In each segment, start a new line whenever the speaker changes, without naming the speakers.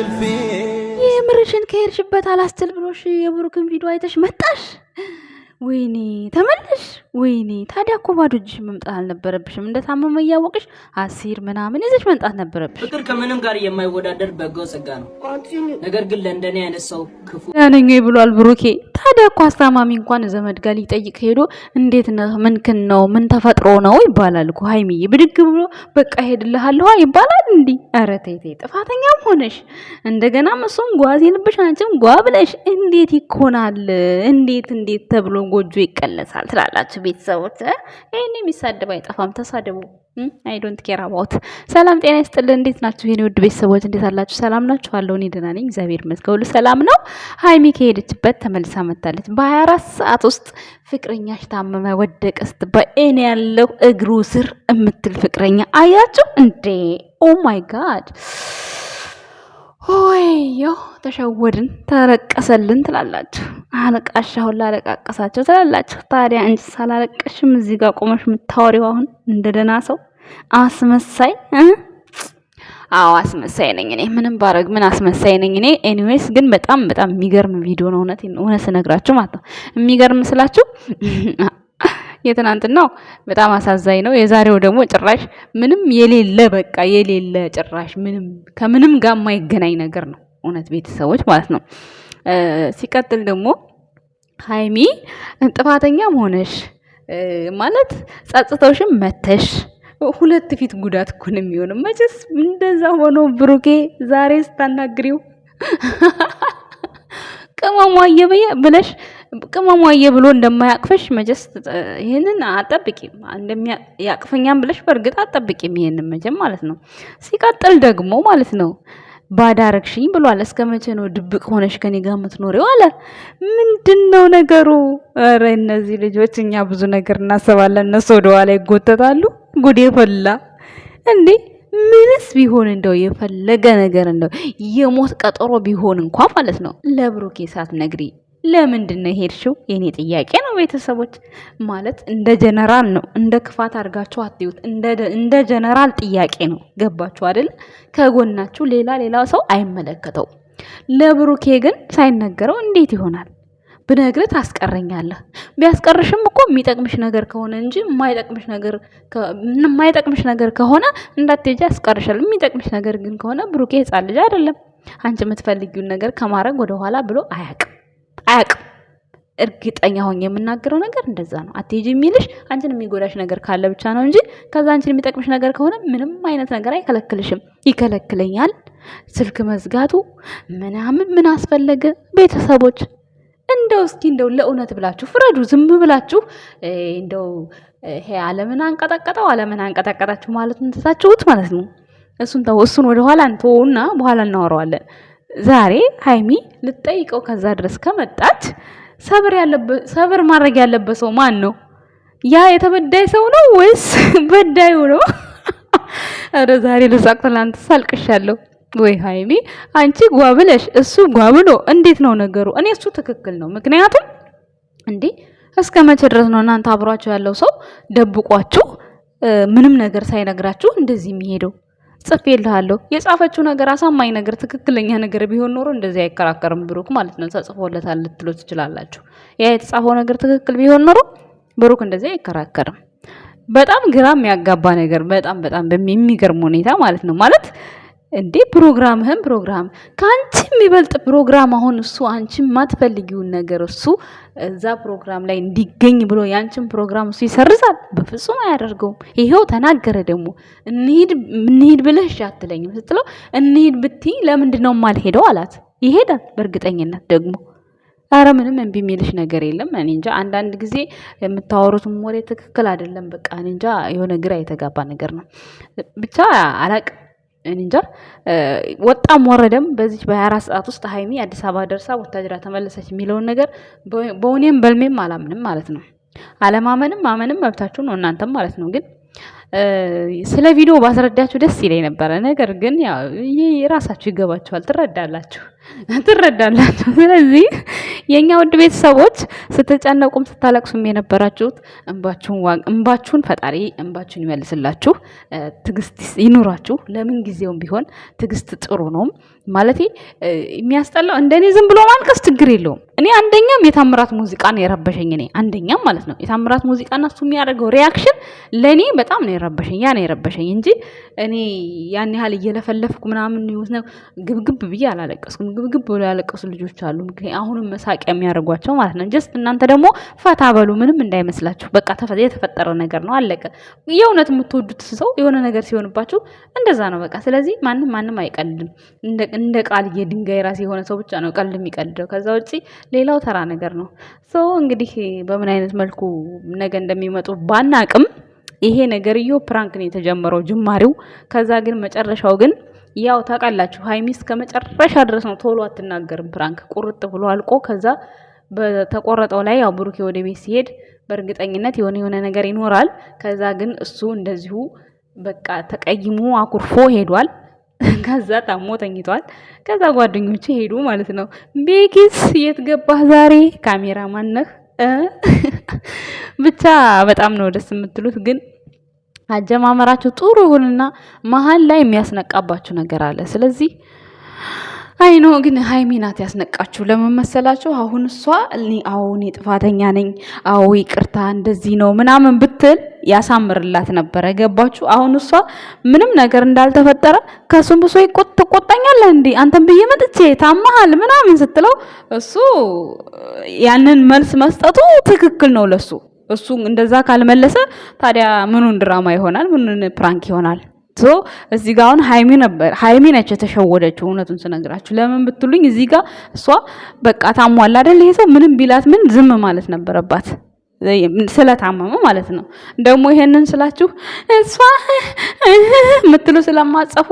እንቅልፌ ይህ ምርሽን ከሄድሽበት አላስትል ብሎሽ የብሩክን ቪዲዮ አይተሽ መጣሽ። ወይኔ ተመለሽ። ወይኔ ታዲያ እኮ ባዶ እጅሽ መምጣት አልነበረብሽም። እንደ ታመመ እያወቅሽ አሲር ምናምን ይዘሽ መምጣት ነበረብሽ። ፍቅር ከምንም ጋር የማይወዳደር በጎ ጸጋ ነው። ነገር ግን ለእንደኔ አይነት ሰው ክፉ ያነኛ ብሏል ብሩኬ። ታዲያ እኮ አስታማሚ እንኳን ዘመድ ጋር ሊጠይቅ ሄዶ እንዴት ነህ፣ ምንክን ነው፣ ምን ተፈጥሮ ነው ይባላል እኮ ሀይሚዬ። ብድግ ብሎ በቃ ሄድልሃለሁ ይባላል። እንዲ ኧረ ተይ ተይ፣ ጥፋተኛም ሆነሽ እንደገና እሱም ጓዝ የልብሽ አንቺም ጓ ብለሽ እንዴት ይኮናል? እንዴት እንዴት ተብሎ ጎጆ ይቀለሳል ትላላችሁ ቤተሰቦች። ይህን የሚሳደብ አይጠፋም፣ ተሳደቡ። አይ ዶንት ኬር አባውት። ሰላም ጤና ይስጥልን። እንዴት ናችሁ የኔ ውድ ቤተሰቦች? እንዴት አላችሁ? ሰላም ናችሁ? አለው እኔ ደህና ነኝ፣ እግዚአብሔር ይመስገን፣ ሁሉ ሰላም ነው። ሀይሚ ከሄደችበት ተመልሳ መታለች። በ24 ሰዓት ውስጥ ፍቅረኛሽ ታመመ ወደቀ ስትባይ እኔ ያለው እግሩ ስር የምትል ፍቅረኛ አያችሁ እንዴ! ኦ ማይ ጋድ ሆይዮ ተሸወድን ተለቀሰልን ትላላችሁ። አለቃሽ አሁን ላለቃቀሳቸው ትላላችሁ። ታዲያ እንጂ ሳላለቀሽም እዚህ ጋር ቆመሽ የምታወሪው አሁን እንደ ደህና ሰው አስመሳይ። አዎ አስመሳይ ነኝ እኔ ምንም ባረግ ምን አስመሳይ ነኝ እኔ። ኤኒዌይስ ግን በጣም በጣም የሚገርም ቪዲዮ ነው እውነት እውነት ስነግራችሁ ማለት ነው የሚገርም ስላችሁ የትናንትናው በጣም አሳዛኝ ነው። የዛሬው ደግሞ ጭራሽ ምንም የሌለ በቃ የሌለ ጭራሽ ምንም ከምንም ጋር የማይገናኝ ነገር ነው። እውነት ቤተሰቦች ማለት ነው። ሲቀጥል ደግሞ ሀይሚ ጥፋተኛም ሆነሽ ማለት ጸጽተውሽም መተሽ ሁለት ፊት ጉዳት እኮ ነው የሚሆነው። መቼስ እንደዛ ሆኖ ብሩኬ ዛሬ ስታናግሪው ቅመሟ ብለሽ ቅመሟዬ ብሎ እንደማያቅፍሽ መጀስ ይህንን አጠብቂም እንደሚያቅፈኛም ብለሽ በእርግጥ አጠብቂም ይሄንን መጀም ማለት ነው። ሲቀጥል ደግሞ ማለት ነው ባዳረግሽኝ ብሏል። እስከ መቼ ነው ድብቅ ሆነሽ ከኔ ጋር የምትኖሪው አለ። ምንድን ነው ነገሩ? ኧረ እነዚህ ልጆች እኛ ብዙ ነገር እናስባለን፣ እነሱ ወደ ይጎተታሉ። ጉድ የፈላ እንዴ! ምንስ ቢሆን እንደው የፈለገ ነገር እንደው የሞት ቀጠሮ ቢሆን እንኳ ማለት ነው ለብሩኬ ሳትነግሪ ለምንድን ነው የሄድሽው? የኔ ጥያቄ ነው። ቤተሰቦች ማለት እንደ ጀነራል ነው፣ እንደ ክፋት አድርጋችሁ አትዩት። እንደ ጀነራል ጥያቄ ነው። ገባችሁ አይደል? ከጎናችሁ ሌላ ሌላ ሰው አይመለከተው። ለብሩኬ ግን ሳይነገረው እንዴት ይሆናል? ብነግር ታስቀረኛለህ። ቢያስቀርሽም እኮ የሚጠቅምሽ ነገር ከሆነ እንጂ የማይጠቅምሽ ነገር ከሆነ እንዳትሄጂ ያስቀርሻል። የሚጠቅምሽ ነገር ግን ከሆነ ብሩኬ ሕፃን ልጅ አይደለም። አንቺ የምትፈልጊውን ነገር ከማድረግ ወደኋላ ብሎ አያውቅም። አያቅም። እርግጠኛ ሆኜ የምናገረው ነገር እንደዛ ነው። አትሄጂ የሚልሽ አንቺን የሚጎዳሽ ነገር ካለ ብቻ ነው እንጂ ከዛ አንቺን የሚጠቅምሽ ነገር ከሆነ ምንም አይነት ነገር አይከለክልሽም። ይከለክለኛል ስልክ መዝጋቱ ምናምን ምን አስፈለገ? ቤተሰቦች እንደው እስኪ እንደው ለእውነት ብላችሁ ፍረዱ። ዝም ብላችሁ እንደው ይሄ አለምን አንቀጠቀጠው አለምን አንቀጠቀጣችሁ ማለት እንትታችሁት ማለት ነው። እሱን ተው፣ እሱን ወደኋላ እንተውና በኋላ እናወረዋለን ዛሬ ሀይሚ ልጠይቀው ከዛ ድረስ ከመጣች ሰብር ማድረግ ያለበት ሰው ማን ነው? ያ የተበዳይ ሰው ነው ወይስ በዳዩ ነው? ኧረ ዛሬ ልሳቅ፣ ትናንት ሳልቅሻለሁ። ወይ ሀይሚ አንቺ ጓብለሽ እሱ ጓብሎ እንዴት ነው ነገሩ? እኔ እሱ ትክክል ነው። ምክንያቱም እንዴ እስከ መቼ ድረስ ነው እናንተ አብሯችሁ ያለው ሰው ደብቋችሁ ምንም ነገር ሳይነግራችሁ እንደዚህ የሚሄደው? ጽፌልሃለሁ። የጻፈችው ነገር አሳማኝ ነገር፣ ትክክለኛ ነገር ቢሆን ኖሮ እንደዚህ አይከራከርም ብሩክ ማለት ነው። ተጽፎለታል ልትሎ ትችላላችሁ። ያ የተጻፈው ነገር ትክክል ቢሆን ኖሮ ብሩክ እንደዚህ አይከራከርም። በጣም ግራ የሚያጋባ ነገር፣ በጣም በጣም በሚገርም ሁኔታ ማለት ነው ማለት እንዴ ፕሮግራምህም ፕሮግራም ከአንቺ የሚበልጥ ፕሮግራም። አሁን እሱ አንቺ የማትፈልጊውን ነገር እሱ እዛ ፕሮግራም ላይ እንዲገኝ ብሎ የአንቺን ፕሮግራም እሱ ይሰርዛል? በፍጹም አያደርገውም። ይሄው ተናገረ ደግሞ እንሂድ ብለሽ አትለኝም ስትለው እንሂድ ብትይ ለምንድን ነው የማልሄደው አላት። ይሄዳል በእርግጠኝነት ደግሞ አረ ምንም እምቢ የሚልሽ ነገር የለም። እኔ እንጃ አንዳንድ ጊዜ የምታወሩትም ወሬ ትክክል አይደለም። በቃ እኔ እንጃ የሆነ ግራ የተጋባ ነገር ነው ብቻ አላቅም። እንጃ ወጣም ወረደም በዚህ በ24 ሰዓት ውስጥ ሀይሚ አዲስ አበባ ደርሳ ወታደራ ተመለሰች የሚለውን ነገር በውኔም በልሜም አላምንም ማለት ነው። አለማመንም ማመንም መብታችሁ ነው እናንተም ማለት ነው። ግን ስለ ቪዲዮ ባስረዳችሁ ደስ ይለኝ ነበረ። ነገር ግን ያው ይህ ራሳችሁ ይገባችኋል፣ ትረዳላችሁ። ትረዳላችሁ። ስለዚህ የእኛ ውድ ቤተሰቦች ስትጨነቁም ስታለቅሱም የነበራችሁት እንባችሁን ፈጣሪ እንባችሁን ይመልስላችሁ፣ ትግስት ይኑራችሁ። ለምን ጊዜውም ቢሆን ትግስት ጥሩ ነው ማለት የሚያስጠላው እንደኔ ዝም ብሎ ማልቀስ ችግር የለውም እኔ አንደኛም የታምራት ሙዚቃ ነው የረበሸኝ። እኔ አንደኛም ማለት ነው የታምራት ሙዚቃ እና እሱ የሚያደርገው ሪያክሽን ለእኔ በጣም ነው የረበሸኝ። ያ ነው የረበሸኝ እንጂ እኔ ያን ያህል እየለፈለፍኩ ምናምን ነው ግብግብ ብዬ አላለቀስኩም። ግብግብ ብሎ ያለቀሱ ልጆች አሉ። አሁንም መሳቂያ የሚያደርጓቸው ማለት ነው። ጀስት እናንተ ደግሞ ፈታ በሉ፣ ምንም እንዳይመስላችሁ። በቃ የተፈጠረ ነገር ነው አለቀ። የእውነት የምትወዱት ሰው የሆነ ነገር ሲሆንባችሁ እንደዛ ነው በቃ። ስለዚህ ማንም ማንም አይቀልድም። እንደ ቃል ድንጋይ ራሴ የሆነ ሰው ብቻ ነው ቀልድ የሚቀልደው ከዛ ውጭ ሌላው ተራ ነገር ነው። ሶ እንግዲህ በምን አይነት መልኩ ነገ እንደሚመጡ ባናቅም ይሄ ነገርዮ ፕራንክ ነው የተጀመረው ጅማሬው። ከዛ ግን መጨረሻው ግን ያው ታውቃላችሁ፣ ሀይሚስ ከመጨረሻ ድረስ ነው ቶሎ አትናገርም። ፕራንክ ቁርጥ ብሎ አልቆ ከዛ በተቆረጠው ላይ ያው ብሩኬ ወደ ቤት ሲሄድ በእርግጠኝነት የሆነ የሆነ ነገር ይኖራል። ከዛ ግን እሱ እንደዚሁ በቃ ተቀይሞ አኩርፎ ሄዷል። ከዛ ታሞ ተኝቷል። ከዛ ጓደኞቼ ሄዱ ማለት ነው። ቤኪስ የት ገባህ ዛሬ? ካሜራ ማነህ? ብቻ በጣም ነው ደስ የምትሉት ግን አጀማመራችሁ ጥሩ ይሁንና መሀል ላይ የሚያስነቃባችሁ ነገር አለ። ስለዚህ አይኖ ግን ሀይሚ ናት ያስነቃችሁ። ለምን መሰላችሁ? አሁን እሷ አዎ እኔ ጥፋተኛ ነኝ፣ አዎ ይቅርታ፣ እንደዚህ ነው ምናምን ብትል ያሳምርላት ነበረ። ገባችሁ? አሁን እሷ ምንም ነገር እንዳልተፈጠረ ከሱም ብሶ ይቆጥ ትቆጣኛለህ እንዴ አንተን ብዬ መጥቼ ታማሃል ምናምን ስትለው እሱ ያንን መልስ መስጠቱ ትክክል ነው ለሱ። እሱ እንደዛ ካልመለሰ ታዲያ ምኑን ድራማ ይሆናል? ምኑን ፕራንክ ይሆናል? ሶ እዚህ ጋር አሁን ሃይሚ ነበር ሃይሚ ነች የተሸወደችው። እውነቱን ስነግራችሁ ለምን ብትሉኝ እዚህ ጋር እሷ በቃ ታሟላ አይደል ይሄ ሰው ምንም ቢላት ምን ዝም ማለት ነበረባት። ስለታመመ ማለት ነው። ደግሞ ይሄንን ስላችሁ እሷ የምትሉ ስለማጸፉ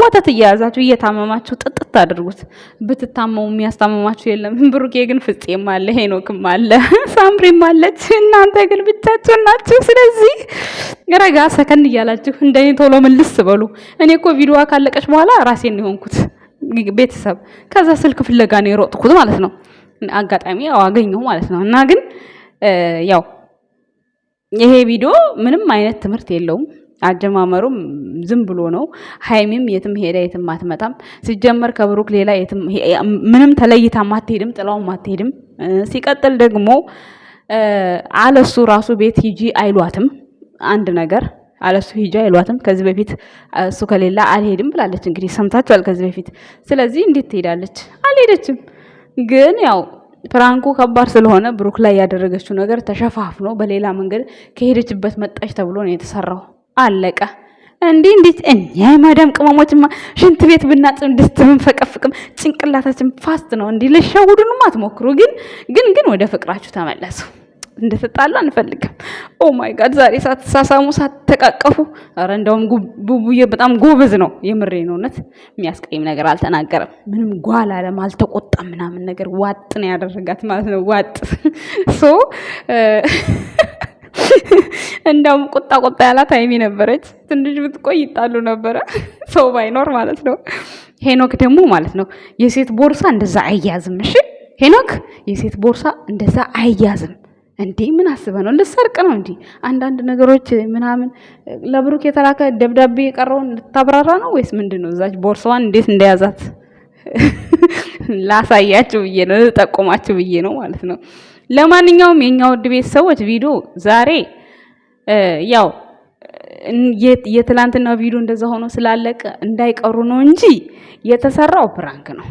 ወተት እየያዛችሁ እየታመማችሁ ጥጥት አድርጉት። ብትታመሙ የሚያስታመማችሁ የለም። ብሩኬ ግን ፍፄም አለ፣ ሄኖክም አለ፣ ሳምሪም አለች። እናንተ ግን ብቻችሁ ናችሁ። ስለዚህ ረጋ ሰከን እያላችሁ እንደኔ ቶሎ ምልስ በሉ። እኔ እኮ ቪዲዮዋ ካለቀች በኋላ ራሴን የሆንኩት ቤተሰብ፣ ከዛ ስልክ ፍለጋ ነው የሮጥኩት ማለት ነው። አጋጣሚ አገኘሁ ማለት ነው እና ግን ያው ይሄ ቪዲዮ ምንም አይነት ትምህርት የለውም። አጀማመሩም ዝም ብሎ ነው። ሀይሚም የትም ሄዳ የትም አትመጣም። ሲጀመር ከብሩክ ሌላ ምንም ተለይታ ማትሄድም ጥላውም ማትሄድም ሲቀጥል ደግሞ አለሱ ራሱ ቤት ሂጂ አይሏትም። አንድ ነገር አለሱ ሂጂ አይሏትም። ከዚህ በፊት እሱ ከሌላ አልሄድም ብላለች። እንግዲህ ሰምታችኋል ከዚህ በፊት። ስለዚህ እንዴት ትሄዳለች? አልሄደችም። ግን ያው ፕራንኩ ከባድ ስለሆነ ብሩክ ላይ ያደረገችው ነገር ተሸፋፍኖ በሌላ መንገድ ከሄደችበት መጣች ተብሎ ነው የተሰራው። አለቀ። እንዲህ እንዴት እኛ የማዳም ቅመሞችማ ሽንት ቤት ብናጽም ድስት ብንፈቀፍቅም ጭንቅላታችን ፋስት ነው። እንዲህ ልሸውዱንም አትሞክሩ። ግን ግን ግን ወደ ፍቅራችሁ ተመለሱ። እንደተጣላ አንፈልግም። ኦ ማይ ጋድ ዛሬ ሳትሳሳሙ ሳትተቃቀፉ፣ ኧረ እንደውም ቡቡዬ በጣም ጎበዝ ነው። የምሬን እውነት የሚያስቀይም ነገር አልተናገረም። ምንም ጓል አለም አልተቆጣም፣ ምናምን ነገር ዋጥ ነው ያደረጋት ማለት ነው። ዋጥ ሶ እንደውም ቁጣ ቁጣ ያላት ሀይሚ ነበረች። ትንሽ ብትቆይ ይጣሉ ነበረ ሰው ባይኖር ማለት ነው። ሄኖክ ደግሞ ማለት ነው የሴት ቦርሳ እንደዛ አይያዝም። እሺ ሄኖክ የሴት ቦርሳ እንደዛ አይያዝም። እንዴ ምን አስበ ነው? ልሰርቅ ነው? እንዲ አንዳንድ ነገሮች ምናምን ለብሩክ የተላከ ደብዳቤ የቀረውን ልታብራራ ነው ወይስ ምንድን ነው? እዛች ቦርሳዋን እንዴት እንደያዛት ላሳያችሁ ብዬ ነው፣ ልጠቁማችሁ ብዬ ነው ማለት ነው። ለማንኛውም የኛ ውድ ቤት ሰዎች ቪዲዮ ዛሬ ያው የትላንትና ቪዲዮ እንደዛ ሆኖ ስላለቀ እንዳይቀሩ ነው እንጂ የተሰራው ፕራንክ ነው።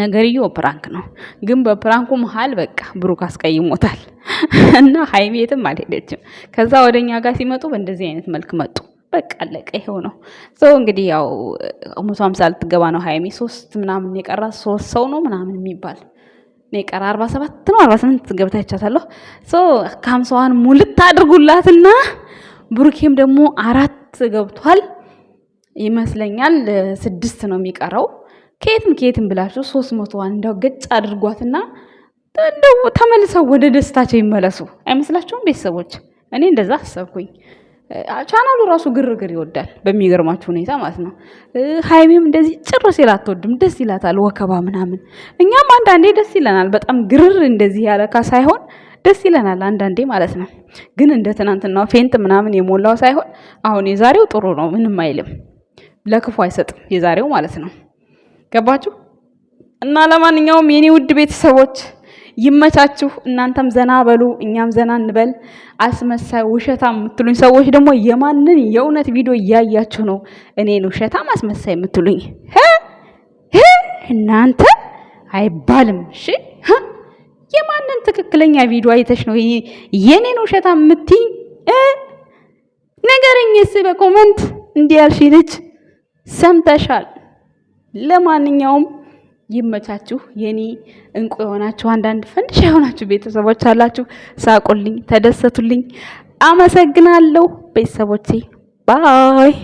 ነገርየው ፕራንክ ነው፣ ግን በፕራንኩ መሀል በቃ ብሩክ አስቀይሞታል እና ሀይሜትም አልሄደችም። ከዛ ወደኛ ጋር ሲመጡ በእንደዚህ አይነት መልክ መጡ። በቃ አለቀ። ይሄው ነው ሰው እንግዲህ ያው መቶ ሀምሳ ልትገባ ነው ሀይሜ። ሶስት ምናምን የቀራ ሶስት ሰው ነው ምናምን የሚባል የቀራ አርባ ሰባት ነው አርባ ስምንት ገብታ ይቻታለሁ። ከሀምሳዋን ሙልት አድርጉላትና ብሩኬም ደግሞ አራት ገብቷል ይመስለኛል። ስድስት ነው የሚቀረው ከየትም ከየትም ብላችሁ ሶስት መቶዋን እንዳው ገጭ አድርጓትና እንደው ተመልሰው ወደ ደስታቸው ይመለሱ። አይመስላችሁም ቤተሰቦች? እኔ እንደዛ አሰብኩኝ። ቻናሉ ራሱ ግርግር ይወዳል በሚገርማችሁ ሁኔታ ማለት ነው። ሀይሜም እንደዚህ ጭር ሲል አትወድም፣ ደስ ይላታል ወከባ ምናምን። እኛም አንዳንዴ ደስ ይለናል፣ በጣም ግርር እንደዚህ ያለካ ሳይሆን ደስ ይለናል አንዳንዴ ማለት ነው። ግን እንደ ትናንትናው ፌንት ምናምን የሞላው ሳይሆን አሁን የዛሬው ጥሩ ነው፣ ምንም አይልም፣ ለክፉ አይሰጥም የዛሬው ማለት ነው። ገባችሁ? እና ለማንኛውም የኔ ውድ ቤተሰቦች ይመቻችሁ። እናንተም ዘና በሉ፣ እኛም ዘና እንበል። አስመሳይ ውሸታም የምትሉኝ ሰዎች ደግሞ የማንን የእውነት ቪዲዮ እያያችሁ ነው እኔን ውሸታም አስመሳይ የምትሉኝ? እናንተ አይባልም። እሺ የማንን ትክክለኛ ቪዲዮ አይተሽ ነው የኔን ውሸታ የምትይኝ? ነገረኝ ስ በኮመንት እንዲያልሽ ልጅ ሰምተሻል። ለማንኛውም ይመቻችሁ የኔ እንቁ የሆናችሁ አንዳንድ ፈንድሻ የሆናችሁ ቤተሰቦች አላችሁ። ሳቁልኝ፣ ተደሰቱልኝ። አመሰግናለሁ ቤተሰቦቼ። ባይ